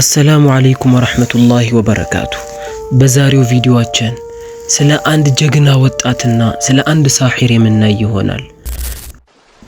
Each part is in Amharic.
አሰላሙ አለይኩም ወረህመቱላሂ ወበረካቱ። በዛሬው ቪዲዮአችን ስለ አንድ ጀግና ወጣትና ስለ አንድ ሳሒር የምናይ ይሆናል።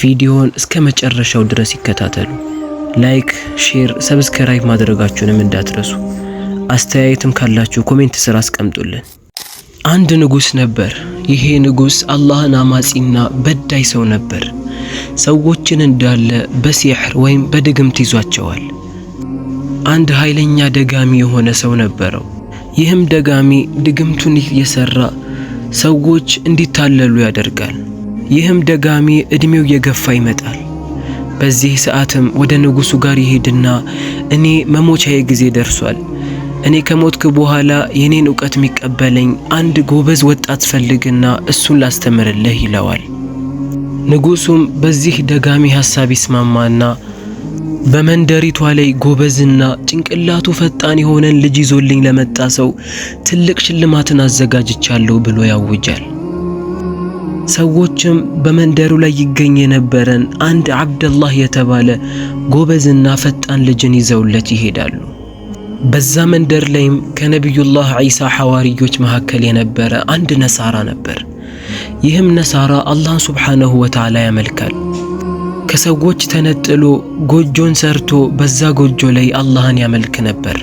ቪዲዮውን እስከ መጨረሻው ድረስ ይከታተሉ። ላይክ፣ ሼር፣ ሰብስክራይብ ማድረጋችሁንም እንዳትረሱ። አስተያየትም ካላችሁ ኮሜንት ስር አስቀምጡልን። አንድ ንጉስ ነበር። ይሄ ንጉስ አላህን አማጺና በዳይ ሰው ነበር። ሰዎችን እንዳለ በሲሕር ወይም በድግምት ይዟቸዋል። አንድ ኃይለኛ ደጋሚ የሆነ ሰው ነበረው። ይህም ደጋሚ ድግምቱን እየሰራ ሰዎች እንዲታለሉ ያደርጋል። ይህም ደጋሚ እድሜው እየገፋ ይመጣል። በዚህ ሰዓትም ወደ ንጉሱ ጋር ይሄድና እኔ መሞቻዬ ጊዜ ደርሷል፣ እኔ ከሞትክ በኋላ የኔን እውቀት የሚቀበለኝ አንድ ጎበዝ ወጣት ፈልግና እሱን ላስተምርልህ ይለዋል። ንጉሱም በዚህ ደጋሚ ሐሳብ ይስማማና በመንደሪቷ ላይ ጎበዝና ጭንቅላቱ ፈጣን የሆነን ልጅ ይዞልኝ ለመጣ ሰው ትልቅ ሽልማትን አዘጋጅቻለሁ ብሎ ያውጃል። ሰዎችም በመንደሩ ላይ ይገኝ የነበረን አንድ አብደላህ የተባለ ጎበዝና ፈጣን ልጅን ይዘውለት ይሄዳሉ። በዛ መንደር ላይም ከነቢዩላህ ዒሳ ሐዋርዮች መካከል የነበረ አንድ ነሳራ ነበር። ይህም ነሳራ አላህን ሱብሓነሁ ወተዓላ ያመልካል። ከሰዎች ተነጥሎ ጎጆን ሰርቶ በዛ ጎጆ ላይ አላህን ያመልክ ነበር።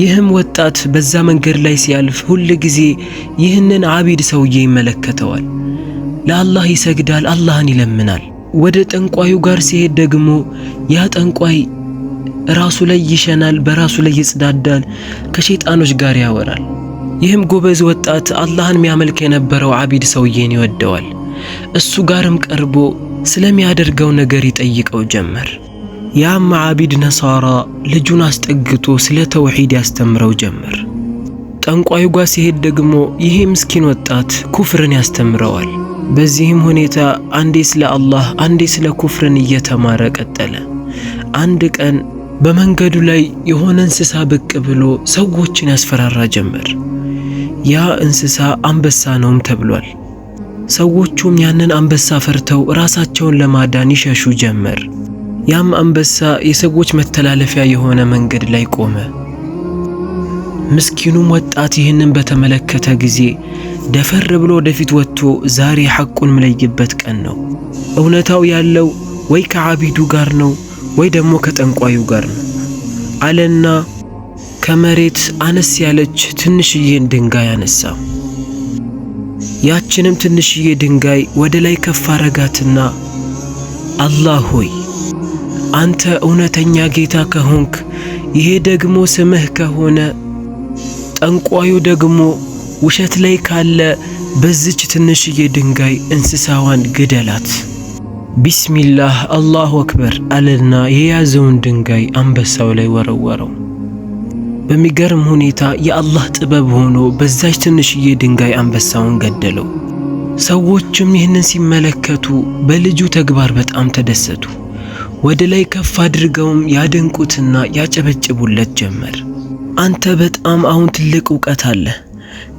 ይህም ወጣት በዛ መንገድ ላይ ሲያልፍ ሁል ጊዜ ይህንን አቢድ ሰውዬ ይመለከተዋል። ለአላህ ይሰግዳል፣ አላህን ይለምናል። ወደ ጠንቋዩ ጋር ሲሄድ ደግሞ ያ ጠንቋይ ራሱ ላይ ይሸናል፣ በራሱ ላይ ይጽዳዳል፣ ከሸይጣኖች ጋር ያወራል። ይህም ጎበዝ ወጣት አላህን የሚያመልክ የነበረው አቢድ ሰውዬን ይወደዋል። እሱ ጋርም ቀርቦ ስለሚያደርገው ነገር ይጠይቀው ጀመር። ያም አቢድ ነሳራ ልጁን አስጠግቶ ስለ ተውሂድ ያስተምረው ጀመር። ጠንቋዩ ጋር ሲሄድ ደግሞ ይሄ ምስኪን ወጣት ኩፍርን ያስተምረዋል። በዚህም ሁኔታ አንዴ ስለ አላህ አንዴ ስለ ኩፍርን እየተማረ ቀጠለ። አንድ ቀን በመንገዱ ላይ የሆነ እንስሳ ብቅ ብሎ ሰዎችን ያስፈራራ ጀመር። ያ እንስሳ አንበሳ ነውም ተብሏል። ሰዎቹም ያንን አንበሳ ፈርተው ራሳቸውን ለማዳን ይሸሹ ጀመር። ያም አንበሳ የሰዎች መተላለፊያ የሆነ መንገድ ላይ ቆመ። ምስኪኑም ወጣት ይህንን በተመለከተ ጊዜ ደፈር ብሎ ወደፊት ወጥቶ ዛሬ ሐቁን ምለይበት ቀን ነው፣ እውነታው ያለው ወይ ከዓቢዱ ጋር ነው ወይ ደግሞ ከጠንቋዩ ጋር ነው አለና ከመሬት አነስ ያለች ትንሽዬን ድንጋይ አነሳ። ያችንም ትንሽዬ ድንጋይ ወደ ላይ ከፍ አረጋትና አላህ ሆይ አንተ እውነተኛ ጌታ ከሆንክ ይሄ ደግሞ ስምህ ከሆነ ጠንቋዩ ደግሞ ውሸት ላይ ካለ በዚች ትንሽዬ ድንጋይ እንስሳዋን ግደላት። ቢስሚላህ አላሁ አክበር አለና የያዘውን ድንጋይ አንበሳው ላይ ወረወረው። በሚገርም ሁኔታ የአላህ ጥበብ ሆኖ በዛች ትንሽዬ ድንጋይ አንበሳውን ገደለው። ሰዎችም ይህንን ሲመለከቱ በልጁ ተግባር በጣም ተደሰቱ። ወደ ላይ ከፍ አድርገውም ያደንቁትና ያጨበጭቡለት ጀመር። አንተ በጣም አሁን ትልቅ እውቀት አለ፣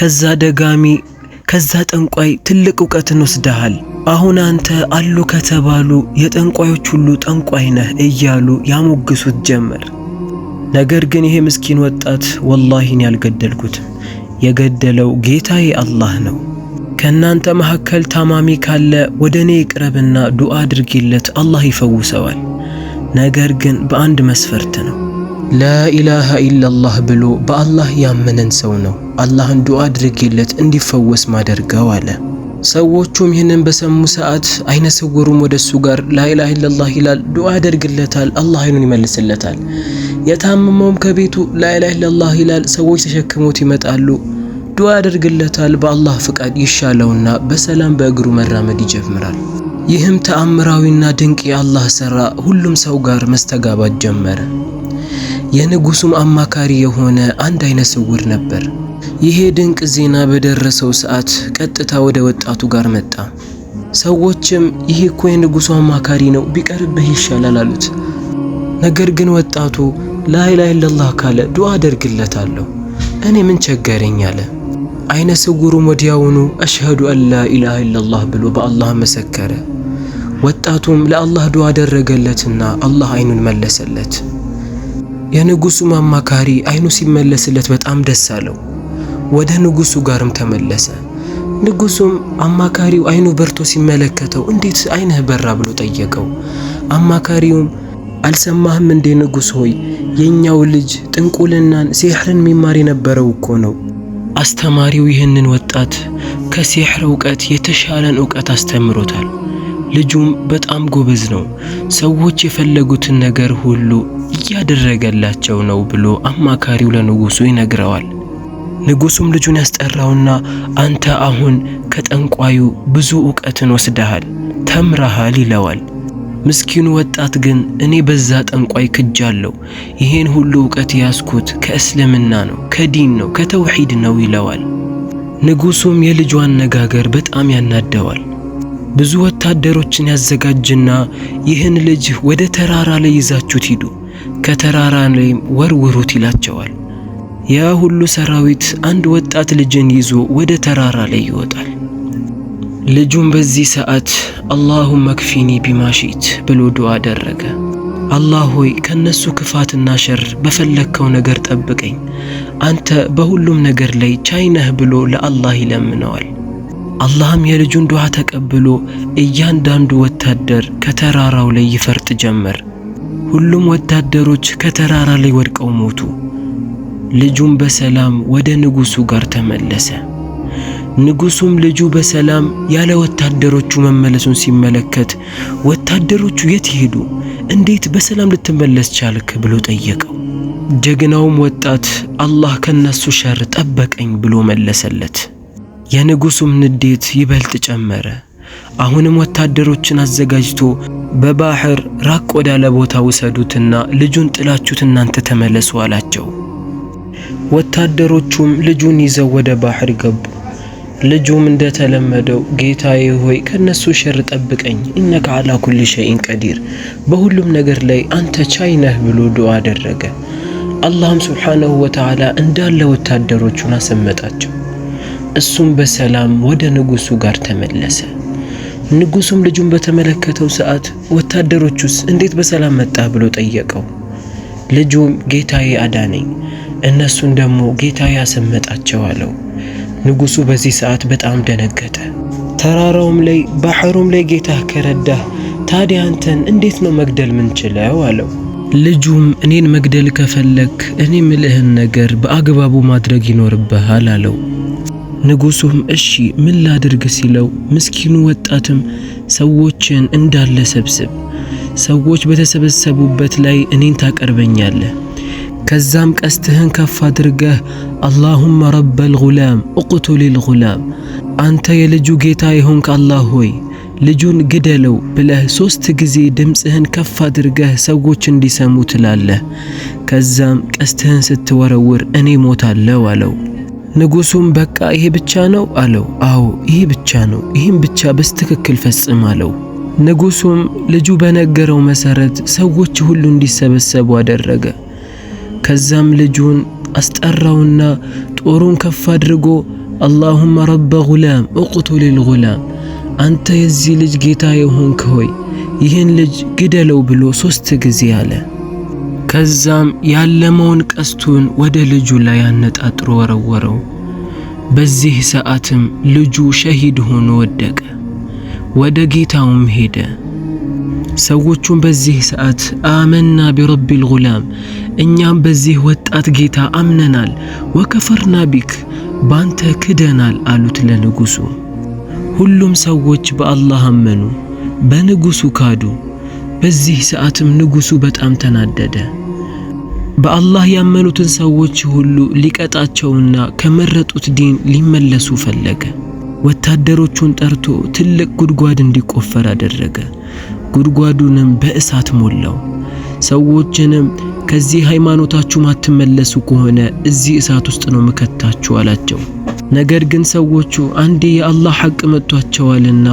ከዛ ደጋሚ ከዛ ጠንቋይ ትልቅ እውቀትን ወስደሃል። አሁን አንተ አሉ ከተባሉ የጠንቋዮች ሁሉ ጠንቋይ ነህ እያሉ ያሞግሱት ጀመር። ነገር ግን ይሄ ምስኪን ወጣት ወላሂን ያልገደልኩትም የገደለው ጌታዬ አላህ ነው። ከእናንተ መካከል ታማሚ ካለ ወደ እኔ ይቅረብና ዱዓ አድርጌለት አላህ ይፈውሰዋል። ነገር ግን በአንድ መስፈርት ነው። ላኢላሃ ኢላላህ ብሎ በአላህ ያመነን ሰው ነው አላህን ዱዓ አድርጌለት እንዲፈወስ ማደርገው አለ። ሰዎቹም ይህንን በሰሙ ሰዓት አይነ ስውሩም ወደ እሱ ጋር ላኢላሃ ኢለላህ ይላል፣ ዱዓ ያደርግለታል፣ አላህ አይኑን ይመልስለታል። የታመመውም ከቤቱ ላኢላሃ ኢለላህ ይላል፣ ሰዎች ተሸክሞት ይመጣሉ፣ ዱዓ ያደርግለታል። በአላህ ፍቃድ ይሻለውና በሰላም በእግሩ መራመድ ይጀምራል። ይህም ተአምራዊና ድንቅ የአላህ ሥራ ሁሉም ሰው ጋር መስተጋባት ጀመረ። የንጉሱም አማካሪ የሆነ አንድ አይነ ስውር ነበር። ይሄ ድንቅ ዜና በደረሰው ሰዓት ቀጥታ ወደ ወጣቱ ጋር መጣ። ሰዎችም ይሄ እኮ የንጉሱ አማካሪ ነው፣ ቢቀርብህ ይሻላል አሉት። ነገር ግን ወጣቱ ላይላ ኢላላህ ካለ ዱዓ አደርግለታለሁ እኔ ምን ቸገረኝ አለ። አይነ ስውሩም ወዲያውኑ አሽሀዱ አላ ላ ኢላሃ ኢላላህ ብሎ በአላህ መሰከረ። ወጣቱም ለአላህ ዱዓ አደረገለትና አላህ አይኑን መለሰለት። የንጉሱም አማካሪ አይኑ ሲመለስለት በጣም ደስ አለው። ወደ ንጉሱ ጋርም ተመለሰ። ንጉሱም አማካሪው አይኑ በርቶ ሲመለከተው እንዴት አይንህ በራ ብሎ ጠየቀው። አማካሪውም አልሰማህም እንዴ ንጉስ ሆይ የኛው ልጅ ጥንቁልናን ሲሕርን ሚማር የነበረው እኮ ነው። አስተማሪው ይህንን ወጣት ከሲሕር እውቀት የተሻለን እውቀት አስተምሮታል። ልጁም በጣም ጎበዝ ነው፣ ሰዎች የፈለጉትን ነገር ሁሉ እያደረገላቸው ነው ብሎ አማካሪው ለንጉሱ ይነግረዋል። ንጉሱም ልጁን ያስጠራውና አንተ አሁን ከጠንቋዩ ብዙ እውቀትን ወስደሃል፣ ተምረሃል ይለዋል። ምስኪኑ ወጣት ግን እኔ በዛ ጠንቋይ ክጃለሁ፣ ይሄን ሁሉ እውቀት ያስኩት ከእስልምና ነው፣ ከዲን ነው፣ ከተውሂድ ነው ይለዋል። ንጉሱም የልጁ አነጋገር በጣም ያናደዋል። ብዙ ወታደሮችን ያዘጋጅና ይህን ልጅ ወደ ተራራ ላይ ይዛችሁት ሂዱ፣ ከተራራ ላይም ወርውሩት ይላቸዋል። ያ ሁሉ ሰራዊት አንድ ወጣት ልጅን ይዞ ወደ ተራራ ላይ ይወጣል። ልጁም በዚህ ሰዓት አላሁመ ክፊኒ ቢማሺት ብሎ ዱዓ አደረገ። አላህ ሆይ ከነሱ ክፋትና ሸር በፈለግከው ነገር ጠብቀኝ፣ አንተ በሁሉም ነገር ላይ ቻይነህ ብሎ ለአላህ ይለምነዋል። አላህም የልጁን ዱዓ ተቀብሎ እያንዳንዱ ወታደር ከተራራው ላይ ይፈርጥ ጀመር። ሁሉም ወታደሮች ከተራራ ላይ ወድቀው ሞቱ። ልጁም በሰላም ወደ ንጉሡ ጋር ተመለሰ። ንጉሡም ልጁ በሰላም ያለ ወታደሮቹ መመለሱን ሲመለከት ወታደሮቹ የት ሄዱ? እንዴት በሰላም ልትመለስ ቻልክ? ብሎ ጠየቀው። ጀግናውም ወጣት አላህ ከነሱ ሸር ጠበቀኝ ብሎ መለሰለት። የንጉሱም ንዴት ይበልጥ ጨመረ። አሁንም ወታደሮችን አዘጋጅቶ በባህር ራቅ ወዳለ ቦታ ውሰዱትና ልጁን ጥላችሁት እናንተ ተመለሱ አላቸው። ወታደሮቹም ልጁን ይዘው ወደ ባህር ገቡ። ልጁም እንደተለመደው ጌታዬ ሆይ ከነሱ ሸር ጠብቀኝ፣ ኢነከ አላ ኩል ሸይን ቀዲር፣ በሁሉም ነገር ላይ አንተ ቻይነህ ብሎ ዱዓ አደረገ። አላህም ሱብሓነሁ ወተዓላ እንዳለ ወታደሮቹን አሰመጣቸው። እሱም በሰላም ወደ ንጉሱ ጋር ተመለሰ። ንጉሱም ልጁን በተመለከተው ሰዓት ወታደሮቹስ እንዴት በሰላም መጣ ብሎ ጠየቀው። ልጁም ጌታዬ አዳነኝ፣ እነሱን ደግሞ ጌታዬ አሰመጣቸው አለው። ንጉሱ በዚህ ሰዓት በጣም ደነገጠ። ተራራውም ላይ ባሕሩም ላይ ጌታህ ከረዳህ ታዲያ አንተን እንዴት ነው መግደል ምንችለው? አለው። ልጁም እኔን መግደል ከፈለክ እኔ ምልህን ነገር በአግባቡ ማድረግ ይኖርብሃል አለው። ንጉሱም እሺ ምን ላድርግ ሲለው ምስኪኑ ወጣትም ሰዎችን እንዳለ ሰብስብ፣ ሰዎች በተሰበሰቡበት ላይ እኔን ታቀርበኛለህ። ከዛም ቀስትህን ከፍ አድርገህ አላሁመ ረበል ጉላም እቅቱሊል ጉላም፣ አንተ የልጁ ጌታ የሆንክ አላህ ሆይ ልጁን ግደለው ብለህ ሶስት ጊዜ ድምፅህን ከፍ አድርገህ ሰዎች እንዲሰሙ ትላለህ። ከዛም ቀስትህን ስትወረውር እኔ ሞታለሁ አለው። ንጉሱም በቃ ይሄ ብቻ ነው አለው። አዎ ይሄ ብቻ ነው፣ ይህም ብቻ በስትክክል ፈጽም አለው። ንጉሱም ልጁ በነገረው መሰረት ሰዎች ሁሉ እንዲሰበሰቡ አደረገ። ከዛም ልጁን አስጠራውና ጦሩን ከፍ አድርጎ አላሁመ ረበ ጉላም እቁቱሊል ጉላም፣ አንተ የዚህ ልጅ ጌታ የሆንክ ሆይ ይህን ልጅ ግደለው ብሎ ሦስት ጊዜ አለ። ከዛም ያለመውን ቀስቱን ወደ ልጁ ላይ አነጣጥሮ ወረወረው። በዚህ ሰዓትም ልጁ ሸሂድ ሆኖ ወደቀ፣ ወደ ጌታውም ሄደ። ሰዎቹም በዚህ ሰዓት አመና ቢረቢል ጉላም፣ እኛም በዚህ ወጣት ጌታ አምነናል፣ ወከፈርና ቢክ፣ ባንተ ክደናል አሉት ለንጉሱ ሁሉም ሰዎች በአላህ አመኑ፣ በንጉሱ ካዱ። በዚህ ሰዓትም ንጉሡ በጣም ተናደደ። በአላህ ያመኑትን ሰዎች ሁሉ ሊቀጣቸውና ከመረጡት ዲን ሊመለሱ ፈለገ። ወታደሮቹን ጠርቶ ትልቅ ጉድጓድ እንዲቆፈር አደረገ። ጉድጓዱንም በእሳት ሞላው። ሰዎችንም ከዚህ ሃይማኖታችሁ ማትመለሱ ከሆነ እዚህ እሳት ውስጥ ነው ምከታችሁ አላቸው። ነገር ግን ሰዎቹ አንዴ የአላህ ሐቅ መጥቷቸዋልና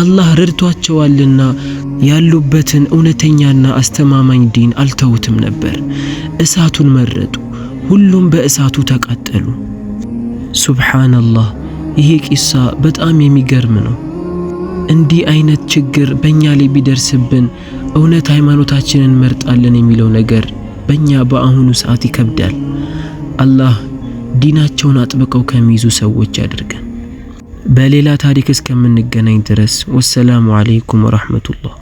አላህ ረድቷቸዋልና ያሉበትን እውነተኛና አስተማማኝ ዲን አልተውትም ነበር። እሳቱን መረጡ። ሁሉም በእሳቱ ተቃጠሉ። ሱብሓነላህ። ይሄ ቂሳ በጣም የሚገርም ነው። እንዲህ አይነት ችግር በእኛ ላይ ቢደርስብን እውነት ሃይማኖታችንን መርጣለን የሚለው ነገር በእኛ በአሁኑ ሰዓት ይከብዳል። አላህ ዲናቸውን አጥብቀው ከሚይዙ ሰዎች ያድርገን። በሌላ ታሪክ እስከምንገናኝ ድረስ ወሰላሙ አለይኩም ወራህመቱላህ።